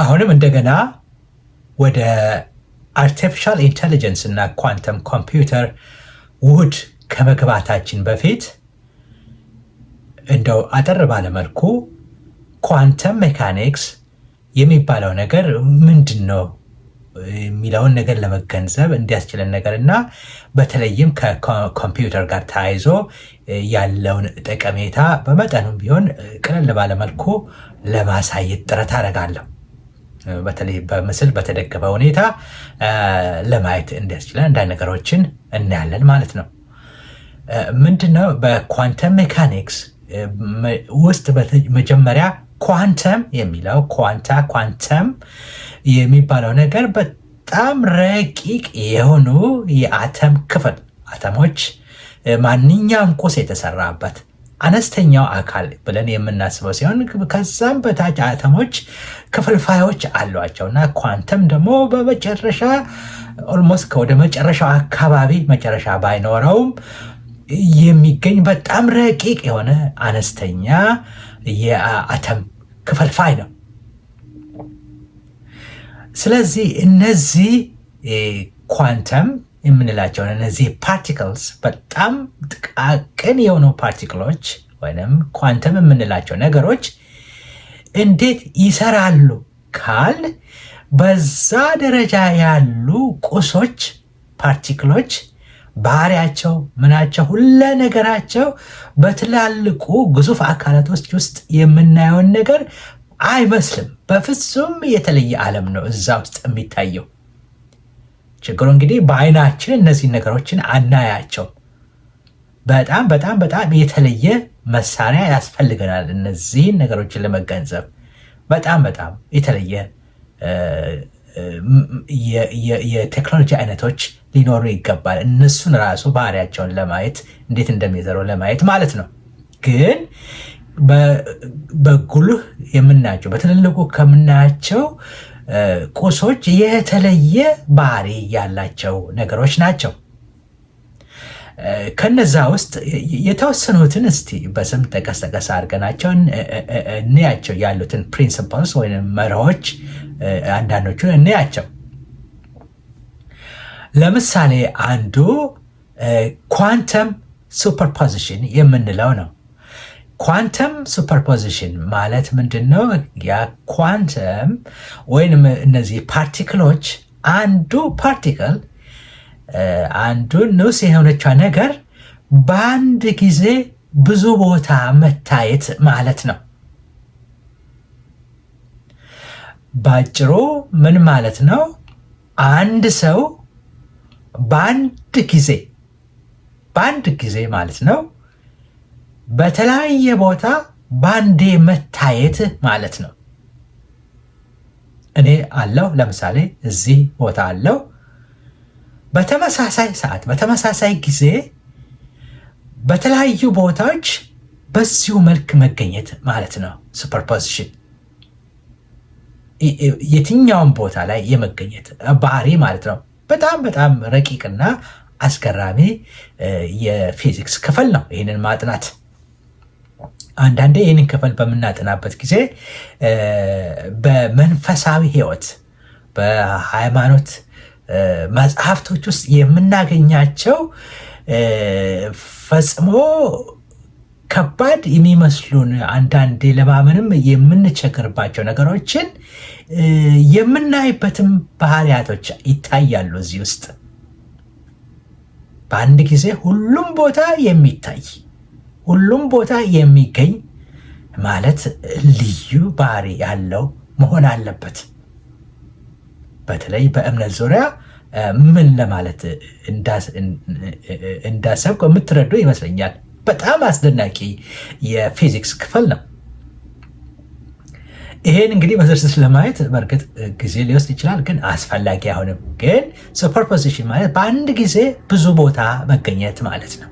አሁንም እንደገና ወደ አርቲፊሻል ኢንቴሊጀንስ እና ኳንተም ኮምፒውተር ውህድ ከመግባታችን በፊት እንደው አጠር ባለመልኩ ኳንተም ሜካኒክስ የሚባለው ነገር ምንድን ነው የሚለውን ነገር ለመገንዘብ እንዲያስችለን ነገር እና በተለይም ከኮምፒውተር ጋር ተያይዞ ያለውን ጠቀሜታ በመጠኑም ቢሆን ቅለል ባለመልኩ ለማሳየት ጥረት አደርጋለሁ። በተለይ በምስል በተደገፈ ሁኔታ ለማየት እንዲያስችለን አንዳንድ ነገሮችን እናያለን ማለት ነው። ምንድነው በኳንተም ሜካኒክስ ውስጥ መጀመሪያ ኳንተም የሚለው ኳንታ ኳንተም የሚባለው ነገር በጣም ረቂቅ የሆኑ የአተም ክፍል አተሞች ማንኛውም ቁስ የተሰራበት አነስተኛው አካል ብለን የምናስበው ሲሆን ከዛም በታች አተሞች ክፍልፋዮች አሏቸው እና ኳንተም ደግሞ በመጨረሻ ኦልሞስት ወደ መጨረሻው አካባቢ መጨረሻ ባይኖረውም የሚገኝ በጣም ረቂቅ የሆነ አነስተኛ የአተም ክፍልፋይ ነው። ስለዚህ እነዚህ ኳንተም የምንላቸውን እነዚህ ፓርቲክልስ በጣም ጥቃቅን የሆኑ ፓርቲክሎች ወይም ኳንተም የምንላቸው ነገሮች እንዴት ይሰራሉ ካል በዛ ደረጃ ያሉ ቁሶች ፓርቲክሎች ባህሪያቸው፣ ምናቸው፣ ሁለ ነገራቸው በትላልቁ ግዙፍ አካላቶች ውስጥ የምናየውን ነገር አይመስልም። በፍጹም የተለየ ዓለም ነው እዛ ውስጥ የሚታየው። ችግሩ እንግዲህ በአይናችን እነዚህ ነገሮችን አናያቸው። በጣም በጣም በጣም የተለየ መሳሪያ ያስፈልገናል እነዚህን ነገሮችን ለመገንዘብ በጣም በጣም የተለየ የቴክኖሎጂ አይነቶች ሊኖሩ ይገባል። እነሱን ራሱ ባህሪያቸውን ለማየት እንዴት እንደሚዘሩ ለማየት ማለት ነው። ግን በጉልህ የምናያቸው በትልልቁ ከምናያቸው ቁሶች የተለየ ባህሪ ያላቸው ነገሮች ናቸው። ከነዛ ውስጥ የተወሰኑትን እስቲ በስም ጠቀስ ጠቀስ አድርገናቸው እንያቸው። ያሉትን ፕሪንሲፕልስ ወይም መርሆች አንዳንዶቹን እንያቸው። ለምሳሌ አንዱ ኳንተም ሱፐርፖዚሽን የምንለው ነው። ኳንተም ሱፐርፖዚሽን ማለት ምንድን ነው? ያ ኳንተም ወይንም እነዚህ ፓርቲክሎች አንዱ ፓርቲክል አንዱ ንዑስ የሆነቿ ነገር በአንድ ጊዜ ብዙ ቦታ መታየት ማለት ነው። ባጭሩ ምን ማለት ነው? አንድ ሰው በአንድ ጊዜ በአንድ ጊዜ ማለት ነው በተለያየ ቦታ ባንዴ መታየት ማለት ነው። እኔ አለው ለምሳሌ እዚህ ቦታ አለው። በተመሳሳይ ሰዓት በተመሳሳይ ጊዜ በተለያዩ ቦታዎች በዚሁ መልክ መገኘት ማለት ነው። ሱፐርፖዚሽን የትኛውን ቦታ ላይ የመገኘት ባህሪ ማለት ነው። በጣም በጣም ረቂቅና አስገራሚ የፊዚክስ ክፍል ነው ይህንን ማጥናት። አንዳንዴ ይህንን ክፍል በምናጠናበት ጊዜ በመንፈሳዊ ህይወት በሃይማኖት መጽሐፍቶች ውስጥ የምናገኛቸው ፈጽሞ ከባድ የሚመስሉን አንዳንዴ ለማመንም የምንቸግርባቸው ነገሮችን የምናይበትም ባህሪያቶች ይታያሉ እዚህ ውስጥ በአንድ ጊዜ ሁሉም ቦታ የሚታይ ሁሉም ቦታ የሚገኝ ማለት ልዩ ባህሪ ያለው መሆን አለበት። በተለይ በእምነት ዙሪያ ምን ለማለት እንዳሰብኩ የምትረዱ ይመስለኛል። በጣም አስደናቂ የፊዚክስ ክፍል ነው። ይሄን እንግዲህ በዝርዝር ለማየት በእርግጥ ጊዜ ሊወስድ ይችላል፣ ግን አስፈላጊ አይሆንም። ግን ሱፐርፖዚሽን ማለት በአንድ ጊዜ ብዙ ቦታ መገኘት ማለት ነው።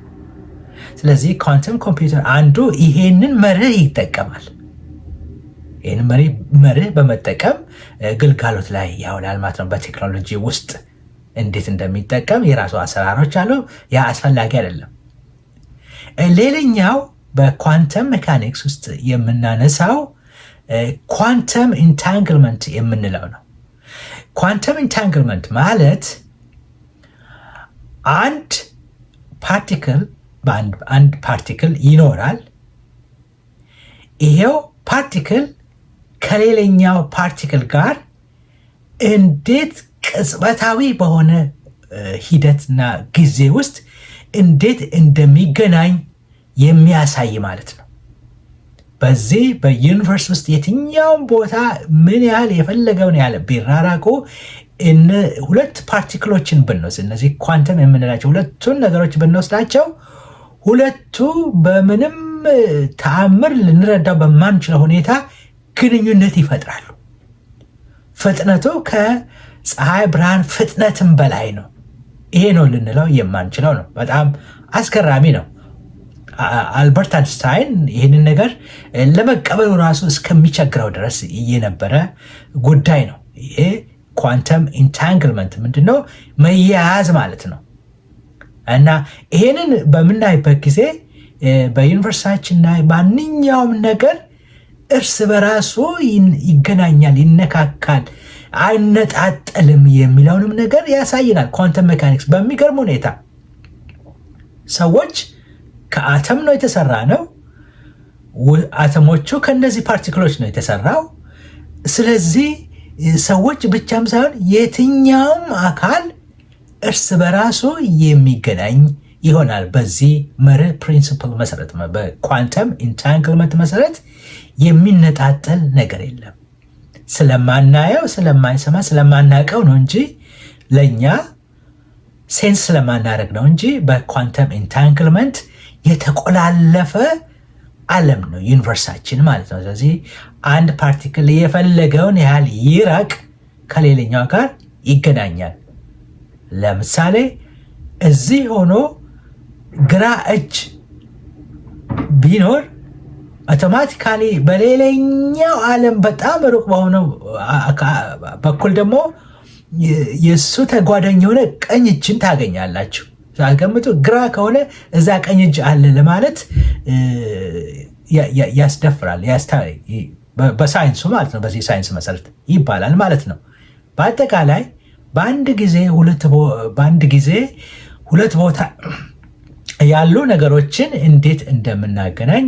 ስለዚህ ኳንተም ኮምፒውተር አንዱ ይሄንን መርህ ይጠቀማል። ይህን መርህ በመጠቀም ግልጋሎት ላይ ያውላል ማለት ነው። በቴክኖሎጂ ውስጥ እንዴት እንደሚጠቀም የራሱ አሰራሮች አሉ። ያ አስፈላጊ አይደለም። ሌላኛው በኳንተም ሜካኒክስ ውስጥ የምናነሳው ኳንተም ኢንታንግልመንት የምንለው ነው። ኳንተም ኢንታንግልመንት ማለት አንድ ፓርቲክል አንድ ፓርቲክል ይኖራል። ይሄው ፓርቲክል ከሌላኛው ፓርቲክል ጋር እንዴት ቅጽበታዊ በሆነ ሂደትና ጊዜ ውስጥ እንዴት እንደሚገናኝ የሚያሳይ ማለት ነው። በዚህ በዩኒቨርስ ውስጥ የትኛውም ቦታ ምን ያህል የፈለገውን ያለ ቢራራቁ ሁለት ፓርቲክሎችን ብንወስድ እነዚህ ኳንተም የምንላቸው ሁለቱን ነገሮች ብንወስዳቸው ሁለቱ በምንም ተአምር ልንረዳው በማንችለው ሁኔታ ግንኙነት ይፈጥራሉ። ፍጥነቱ ከፀሐይ ብርሃን ፍጥነትም በላይ ነው። ይሄ ነው ልንለው የማንችለው ነው። በጣም አስገራሚ ነው። አልበርት አንስታይን ይህንን ነገር ለመቀበሉ ራሱ እስከሚቸግረው ድረስ የነበረ ጉዳይ ነው። ይሄ ኳንተም ኢንታንግልመንት ምንድን ነው? መያያዝ ማለት ነው። እና ይሄንን በምናይበት ጊዜ በዩኒቨርሳችን ላይ ማንኛውም ነገር እርስ በራሱ ይገናኛል፣ ይነካካል፣ አይነጣጠልም የሚለውንም ነገር ያሳይናል። ኳንተም ሜካኒክስ በሚገርም ሁኔታ ሰዎች ከአተም ነው የተሰራ ነው። አተሞቹ ከእነዚህ ፓርቲክሎች ነው የተሰራው። ስለዚህ ሰዎች ብቻም ሳይሆን የትኛውም አካል እርስ በራሱ የሚገናኝ ይሆናል። በዚህ መርህ ፕሪንስፕል መሰረት በኳንተም ኢንታንግልመንት መሰረት የሚነጣጠል ነገር የለም። ስለማናየው፣ ስለማይሰማ፣ ስለማናቀው ነው እንጂ ለእኛ ሴንስ ስለማናደርግ ነው እንጂ በኳንተም ኢንታንግልመንት የተቆላለፈ ዓለም ነው ዩኒቨርሳችን ማለት ነው። ስለዚህ አንድ ፓርቲክል የፈለገውን ያህል ይራቅ ከሌላኛው ጋር ይገናኛል። ለምሳሌ እዚህ ሆኖ ግራ እጅ ቢኖር አውቶማቲካሊ በሌላኛው ዓለም በጣም ሩቅ በሆነው በኩል ደግሞ የእሱ ተጓዳኝ የሆነ ቀኝ እጅን ታገኛላችሁ። ሳትገምቱ ግራ ከሆነ እዛ ቀኝ እጅ አለ ለማለት ያስደፍራል። በሳይንሱ ማለት ነው። በዚህ ሳይንስ መሰረት ይባላል ማለት ነው በአጠቃላይ በአንድ ጊዜ በአንድ ጊዜ ሁለት ቦታ ያሉ ነገሮችን እንዴት እንደምናገናኝ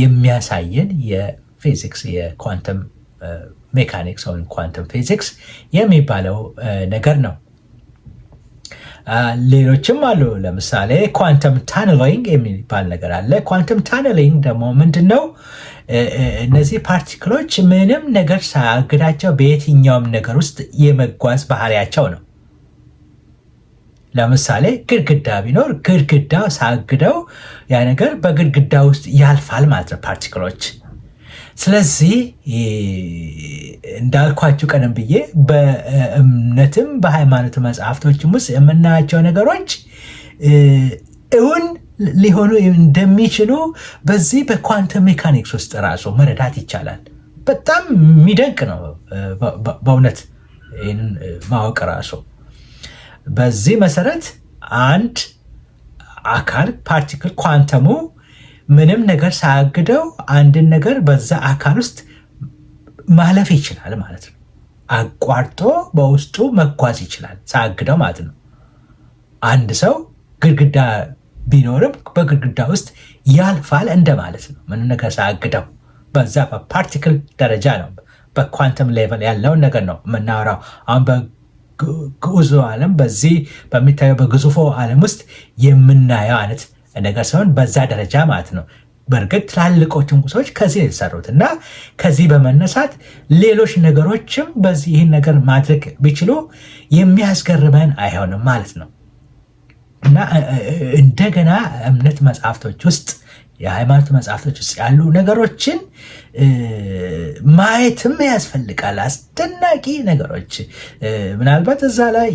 የሚያሳየን የፊዚክስ የኳንተም ሜካኒክስ ወይም ኳንተም ፊዚክስ የሚባለው ነገር ነው። ሌሎችም አሉ። ለምሳሌ ኳንተም ታነሊንግ የሚባል ነገር አለ። ኳንተም ታነሊንግ ደግሞ ምንድን ነው? እነዚህ ፓርቲክሎች ምንም ነገር ሳያግዳቸው በየትኛውም ነገር ውስጥ የመጓዝ ባህሪያቸው ነው። ለምሳሌ ግድግዳ ቢኖር ግድግዳ ሳግደው ያ ነገር በግድግዳ ውስጥ ያልፋል ማለት ነው ፓርቲክሎች ስለዚህ እንዳልኳችሁ ቀደም ብዬ በእምነትም በሃይማኖት መጽሐፍቶችም ውስጥ የምናያቸው ነገሮች እውን ሊሆኑ እንደሚችሉ በዚህ በኳንተም ሜካኒክስ ውስጥ ራሱ መረዳት ይቻላል። በጣም የሚደንቅ ነው በእውነት ይህንን ማወቅ ራሱ። በዚህ መሰረት አንድ አካል ፓርቲክል ኳንተሙ ምንም ነገር ሳያግደው አንድን ነገር በዛ አካል ውስጥ ማለፍ ይችላል ማለት ነው። አቋርጦ በውስጡ መጓዝ ይችላል ሳያግደው ማለት ነው። አንድ ሰው ግድግዳ ቢኖርም በግድግዳ ውስጥ ያልፋል እንደማለት ነው። ምንም ነገር ሳያግደው በዛ በፓርቲክል ደረጃ ነው፣ በኳንተም ሌቨል ያለውን ነገር ነው የምናወራው። አሁን በግዑዙ ዓለም በዚህ በሚታየው በግዙፎ ዓለም ውስጥ የምናየው አይነት ነገር ሲሆን በዛ ደረጃ ማለት ነው። በእርግጥ ትላልቆቹ ንጉሶች ከዚህ የተሰሩት እና ከዚህ በመነሳት ሌሎች ነገሮችም በዚህ ይህን ነገር ማድረግ ቢችሉ የሚያስገርመን አይሆንም ማለት ነው እና እንደገና እምነት መጽሐፍቶች ውስጥ የሃይማኖት መጽሐፍቶች ውስጥ ያሉ ነገሮችን ማየትም ያስፈልጋል። አስደናቂ ነገሮች ምናልባት እዛ ላይ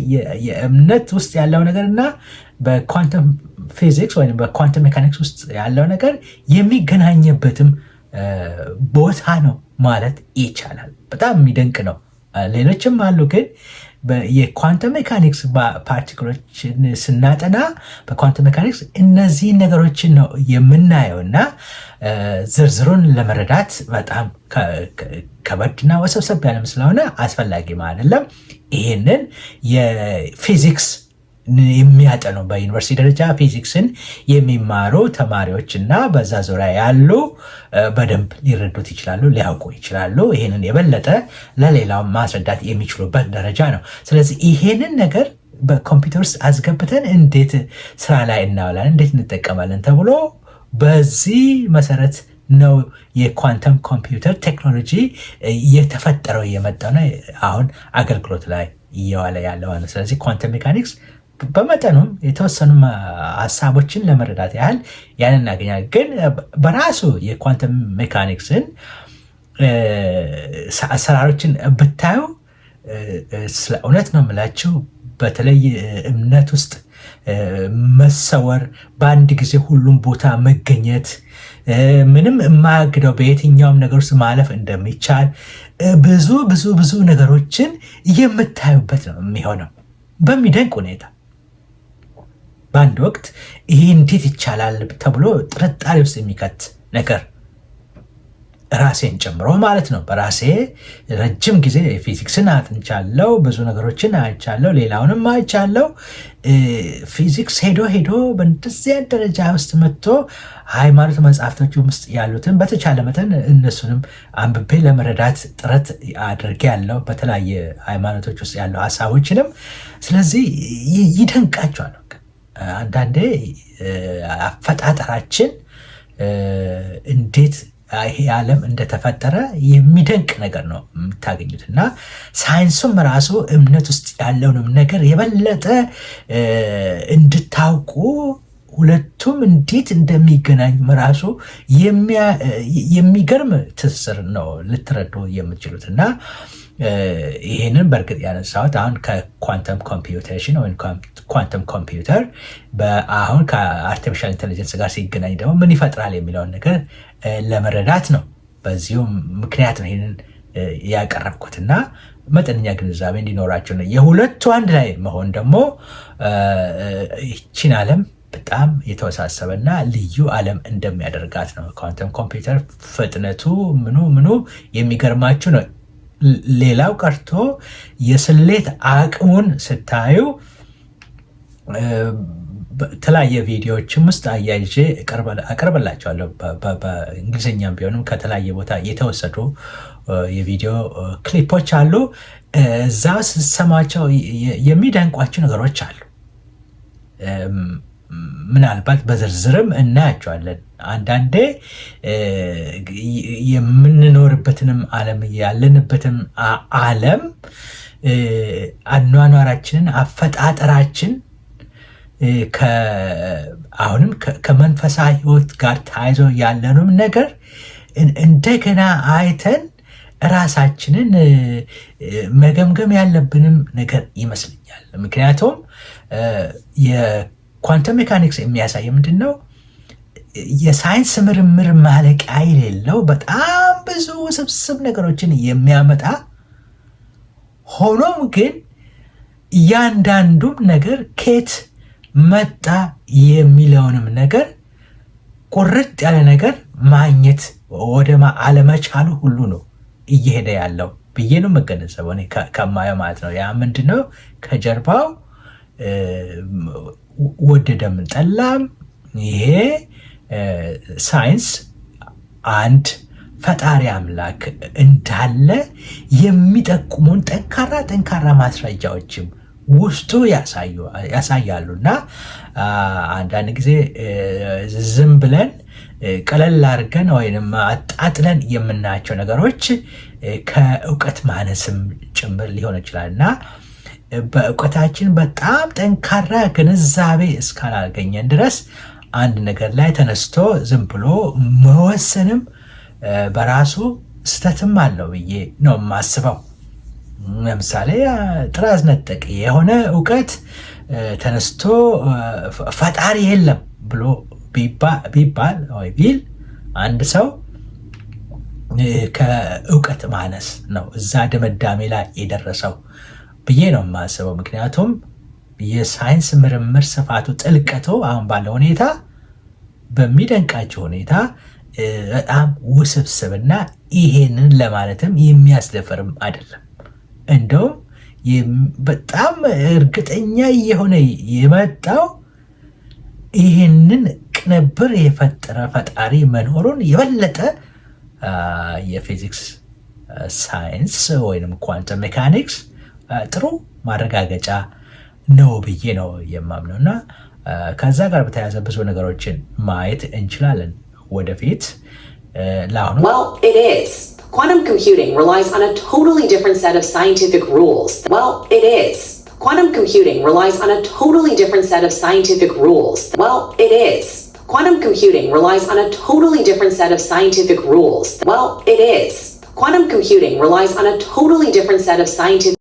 የእምነት ውስጥ ያለው ነገርና በኳንተም ፊዚክስ ወይም በኳንተም ሜካኒክስ ውስጥ ያለው ነገር የሚገናኝበትም ቦታ ነው ማለት ይቻላል። በጣም የሚደንቅ ነው። ሌሎችም አሉ፣ ግን የኳንተም ሜካኒክስ ፓርቲክሎችን ስናጠና በኳንተም ሜካኒክስ እነዚህን ነገሮችን ነው የምናየው እና ዝርዝሩን ለመረዳት በጣም ከበድና ወሰብሰብ ያለም ስለሆነ አስፈላጊም አይደለም። ይህንን የፊዚክስ የሚያጠኑ በዩኒቨርሲቲ ደረጃ ፊዚክስን የሚማሩ ተማሪዎች እና በዛ ዙሪያ ያሉ በደንብ ሊረዱት ይችላሉ፣ ሊያውቁ ይችላሉ። ይህንን የበለጠ ለሌላው ማስረዳት የሚችሉበት ደረጃ ነው። ስለዚህ ይሄንን ነገር በኮምፒውተር ውስጥ አስገብተን እንዴት ስራ ላይ እናውላለን፣ እንዴት እንጠቀማለን ተብሎ በዚህ መሰረት ነው የኳንተም ኮምፒውተር ቴክኖሎጂ እየተፈጠረው እየመጣ ነው አሁን አገልግሎት ላይ እየዋለ ያለው። ስለዚህ ኳንተም ሜካኒክስ በመጠኑም የተወሰኑ ሀሳቦችን ለመረዳት ያህል ያንን እናገኛል። ግን በራሱ የኳንተም ሜካኒክስን አሰራሮችን ብታዩ ስለ እውነት ነው የምላችሁ በተለይ እምነት ውስጥ መሰወር፣ በአንድ ጊዜ ሁሉም ቦታ መገኘት፣ ምንም የማያግደው በየትኛውም ነገር ውስጥ ማለፍ እንደሚቻል ብዙ ብዙ ብዙ ነገሮችን የምታዩበት ነው የሚሆነው በሚደንቅ ሁኔታ በአንድ ወቅት ይሄ እንዴት ይቻላል ተብሎ ጥርጣሬ ውስጥ የሚከት ነገር ራሴን ጨምሮ ማለት ነው። በራሴ ረጅም ጊዜ ፊዚክስን አጥንቻለሁ፣ ብዙ ነገሮችን አይቻለሁ፣ ሌላውንም አይቻለሁ። ፊዚክስ ሄዶ ሄዶ በእንደዚያ ደረጃ ውስጥ መጥቶ ሃይማኖት መጽሐፍቶች ውስጥ ያሉትን በተቻለ መጠን እነሱንም አንብቤ ለመረዳት ጥረት ያለው በተለያየ ሃይማኖቶች ውስጥ ያለው ሀሳቦችንም። ስለዚህ ይደንቃቸዋል። አንዳንዴ አፈጣጠራችን እንዴት ይሄ ዓለም እንደተፈጠረ የሚደንቅ ነገር ነው የምታገኙት። እና ሳይንሱም ራሱ እምነት ውስጥ ያለውንም ነገር የበለጠ እንድታውቁ ሁለቱም እንዴት እንደሚገናኝ ራሱ የሚገርም ትስስር ነው ልትረዱ የምትችሉት እና ይህንን በእርግጥ ያነሳሁት አሁን ከኳንተም ኮምፒውቴሽን ወይም ኳንተም ኮምፒውተር አሁን ከአርቲፊሻል ኢንቴሊጀንስ ጋር ሲገናኝ ደግሞ ምን ይፈጥራል የሚለውን ነገር ለመረዳት ነው። በዚሁም ምክንያት ነው ይህንን ያቀረብኩትና መጠነኛ ግንዛቤ እንዲኖራቸው ነው። የሁለቱ አንድ ላይ መሆን ደግሞ ይችን አለም በጣም እና ልዩ አለም እንደሚያደርጋት ነው። ኳንተም ኮምፒውተር ፍጥነቱ ምኑ ምኑ የሚገርማችሁ ነው። ሌላው ቀርቶ የስሌት አቅሙን ስታዩ በተለያየ ቪዲዮዎችም ውስጥ አያይዤ አቀርበላቸዋለሁ። በእንግሊዝኛም ቢሆንም ከተለያየ ቦታ የተወሰዱ የቪዲዮ ክሊፖች አሉ። እዛ ስሰማቸው የሚደንቋቸው ነገሮች አሉ። ምናልባት በዝርዝርም እናያቸዋለን። አንዳንዴ የምንኖርበትንም ዓለም ያለንበትም ዓለም አኗኗራችንን፣ አፈጣጠራችን አሁንም ከመንፈሳዊ ሕይወት ጋር ተያይዞ ያለንም ነገር እንደገና አይተን ራሳችንን መገምገም ያለብንም ነገር ይመስለኛል። ምክንያቱም ኳንተም ሜካኒክስ የሚያሳይ ምንድን ነው? የሳይንስ ምርምር ማለቂያ የሌለው በጣም ብዙ ውስብስብ ነገሮችን የሚያመጣ ሆኖም ግን እያንዳንዱም ነገር ኬት መጣ የሚለውንም ነገር ቁርጥ ያለ ነገር ማግኘት ወደ አለመቻሉ ሁሉ ነው እየሄደ ያለው ብዬ ነው መገነዘበው ከማየው ማለት ነው። ያ ምንድነው ከጀርባው ወደደም ጠላም ይሄ ሳይንስ አንድ ፈጣሪ አምላክ እንዳለ የሚጠቁሙን ጠንካራ ጠንካራ ማስረጃዎችም ውስጡ ያሳያሉ እና አንዳንድ ጊዜ ዝም ብለን ቀለል አድርገን ወይም አጣጥለን የምናያቸው ነገሮች ከእውቀት ማነስም ጭምር ሊሆን ይችላል እና በእውቀታችን በጣም ጠንካራ ግንዛቤ እስካላገኘን ድረስ አንድ ነገር ላይ ተነስቶ ዝም ብሎ መወሰንም በራሱ ስተትም አለው ብዬ ነው የማስበው። ለምሳሌ ጥራዝ ነጠቅ የሆነ እውቀት ተነስቶ ፈጣሪ የለም ብሎ ቢባል ወይ ቢል አንድ ሰው ከእውቀት ማነስ ነው እዛ ድምዳሜ ላይ የደረሰው። ብዬ ነው የማስበው። ምክንያቱም የሳይንስ ምርምር ስፋቱ፣ ጥልቀቱ አሁን ባለው ሁኔታ በሚደንቃቸው ሁኔታ በጣም ውስብስብና ይሄንን ለማለትም የሚያስደፈርም አይደለም። እንደውም በጣም እርግጠኛ የሆነ የመጣው ይህንን ቅንብር የፈጠረ ፈጣሪ መኖሩን የበለጠ የፊዚክስ ሳይንስ ወይም ኳንተም ሜካኒክስ ጥሩ ማረጋገጫ ነው ብዬ ነው የማምነው እና ከዛ ጋር በተያያዘ ብዙ ነገሮችን ማየት እንችላለን ወደፊት። ለአሁኑ Quantum computing relies on a totally different set of scientific rules. Well, it is. Quantum computing relies on a totally different set of scientific rules. Well, it is. Quantum computing relies on a totally different set of scientific rules. Well, it is. Quantum computing relies on a totally different set of scientific